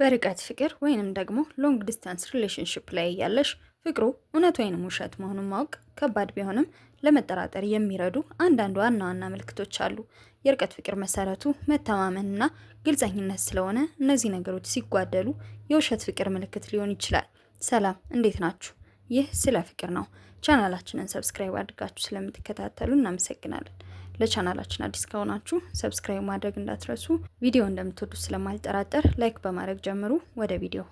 በርቀት ፍቅር ወይንም ደግሞ ሎንግ ዲስታንስ ሪሌሽንሽፕ ላይ እያለሽ ፍቅሩ እውነት ወይንም ውሸት መሆኑን ማወቅ ከባድ ቢሆንም ለመጠራጠር የሚረዱ አንዳንድ ዋና ዋና ምልክቶች አሉ። የርቀት ፍቅር መሰረቱ መተማመንና ግልጸኝነት ስለሆነ እነዚህ ነገሮች ሲጓደሉ የውሸት ፍቅር ምልክት ሊሆን ይችላል። ሰላም፣ እንዴት ናችሁ? ይህ ስለ ፍቅር ነው። ቻናላችንን ሰብስክራይብ አድርጋችሁ ስለምትከታተሉ እናመሰግናለን። ለቻናላችን አዲስ ከሆናችሁ ሰብስክራይብ ማድረግ እንዳትረሱ። ቪዲዮ እንደምትወዱት ስለማልጠራጠር ላይክ በማድረግ ጀምሩ። ወደ ቪዲዮ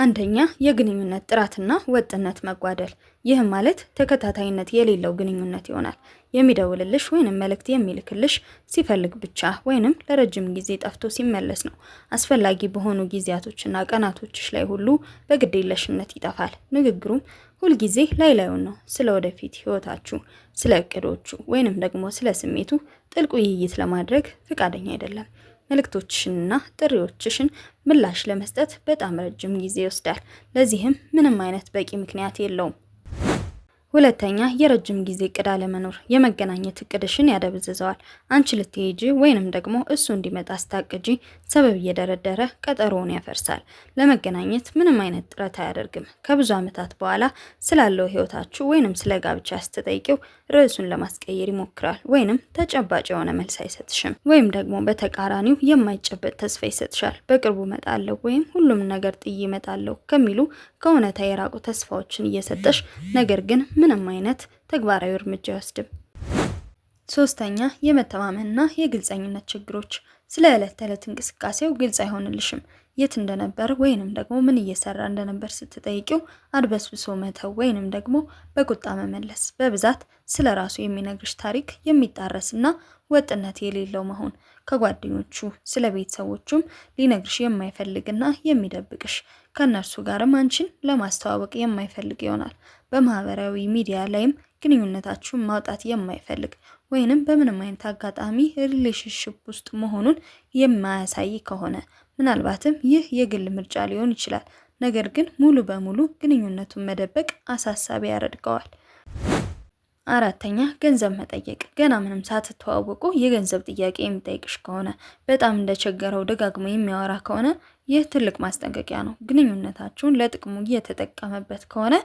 አንደኛ የግንኙነት ጥራትና ወጥነት መጓደል። ይህም ማለት ተከታታይነት የሌለው ግንኙነት ይሆናል። የሚደውልልሽ ወይንም መልእክት የሚልክልሽ ሲፈልግ ብቻ ወይንም ለረጅም ጊዜ ጠፍቶ ሲመለስ ነው። አስፈላጊ በሆኑ ጊዜያቶችና ቀናቶችሽ ላይ ሁሉ በግዴለሽነት ይጠፋል። ንግግሩም ሁልጊዜ ላይ ላዩን ነው። ስለ ወደፊት ህይወታችሁ፣ ስለ እቅዶቹ ወይንም ደግሞ ስለ ስሜቱ ጥልቅ ውይይት ለማድረግ ፍቃደኛ አይደለም። መልእክቶችሽንና ጥሪዎችሽን ምላሽ ለመስጠት በጣም ረጅም ጊዜ ይወስዳል። ለዚህም ምንም አይነት በቂ ምክንያት የለውም። ሁለተኛ፣ የረጅም ጊዜ እቅድ አለመኖር የመገናኘት እቅድሽን ያደብዝዘዋል። አንቺ ልትሄጂ ወይንም ደግሞ እሱ እንዲመጣ ስታቅጂ ሰበብ እየደረደረ ቀጠሮውን ያፈርሳል። ለመገናኘት ምንም አይነት ጥረት አያደርግም። ከብዙ ዓመታት በኋላ ስላለው ህይወታችሁ ወይንም ስለ ጋብቻ ስትጠይቂው ርዕሱን ለማስቀየር ይሞክራል፣ ወይንም ተጨባጭ የሆነ መልስ አይሰጥሽም፣ ወይም ደግሞ በተቃራኒው የማይጨበጥ ተስፋ ይሰጥሻል። በቅርቡ እመጣለሁ ወይም ሁሉም ነገር ጥዬ እመጣለሁ ከሚሉ ከእውነታ የራቁ ተስፋዎችን እየሰጠሽ ነገር ግን ምንም አይነት ተግባራዊ እርምጃ አይወስድም። ሶስተኛ የመተማመንና የግልጸኝነት ችግሮች። ስለ ዕለት ተዕለት እንቅስቃሴው ግልጽ አይሆንልሽም። የት እንደነበር ወይንም ደግሞ ምን እየሰራ እንደነበር ስትጠይቂው አድበስብሶ መተው ወይንም ደግሞ በቁጣ መመለስ በብዛት ስለ ራሱ የሚነግርሽ ታሪክ የሚጣረስና ወጥነት የሌለው መሆን ከጓደኞቹ ስለ ቤተሰቦቹም ሊነግርሽ የማይፈልግና የሚደብቅሽ ከእነርሱ ጋርም አንቺን ለማስተዋወቅ የማይፈልግ ይሆናል። በማህበራዊ ሚዲያ ላይም ግንኙነታችሁን ማውጣት የማይፈልግ ወይንም በምንም አይነት አጋጣሚ ሪሌሽንሽፕ ውስጥ መሆኑን የማያሳይ ከሆነ ምናልባትም ይህ የግል ምርጫ ሊሆን ይችላል፣ ነገር ግን ሙሉ በሙሉ ግንኙነቱን መደበቅ አሳሳቢ ያደርገዋል። አራተኛ ገንዘብ መጠየቅ። ገና ምንም ሳትተዋወቁ የገንዘብ ጥያቄ የሚጠይቅሽ ከሆነ፣ በጣም እንደቸገረው ደጋግሞ የሚያወራ ከሆነ ይህ ትልቅ ማስጠንቀቂያ ነው። ግንኙነታችሁን ለጥቅሙ እየተጠቀመበት ከሆነ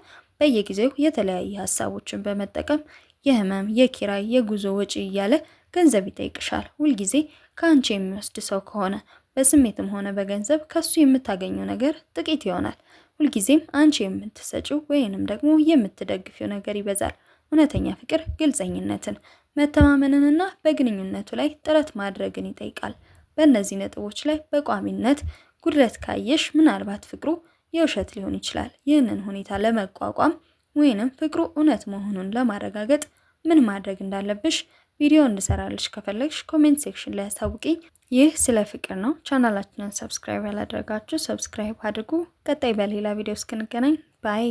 በየጊዜው የተለያየ ሀሳቦችን በመጠቀም የህመም፣ የኪራይ፣ የጉዞ ወጪ እያለ ገንዘብ ይጠይቅሻል። ሁልጊዜ ከአንቺ የሚወስድ ሰው ከሆነ በስሜትም ሆነ በገንዘብ ከሱ የምታገኘው ነገር ጥቂት ይሆናል። ሁልጊዜም አንቺ የምትሰጪው ወይንም ደግሞ የምትደግፊው ነገር ይበዛል። እውነተኛ ፍቅር ግልጸኝነትን፣ መተማመንንና በግንኙነቱ ላይ ጥረት ማድረግን ይጠይቃል። በእነዚህ ነጥቦች ላይ በቋሚነት ጉድለት ካየሽ ምናልባት ፍቅሩ የውሸት ሊሆን ይችላል። ይህንን ሁኔታ ለመቋቋም ወይንም ፍቅሩ እውነት መሆኑን ለማረጋገጥ ምን ማድረግ እንዳለብሽ ቪዲዮ እንድሰራልሽ ከፈለግሽ ኮሜንት ሴክሽን ላይ አሳውቂኝ። ይህ ስለ ፍቅር ነው። ቻናላችንን ሰብስክራይብ ያላደረጋችሁ ሰብስክራይብ አድርጉ። ቀጣይ በሌላ ቪዲዮ እስክንገናኝ ባይ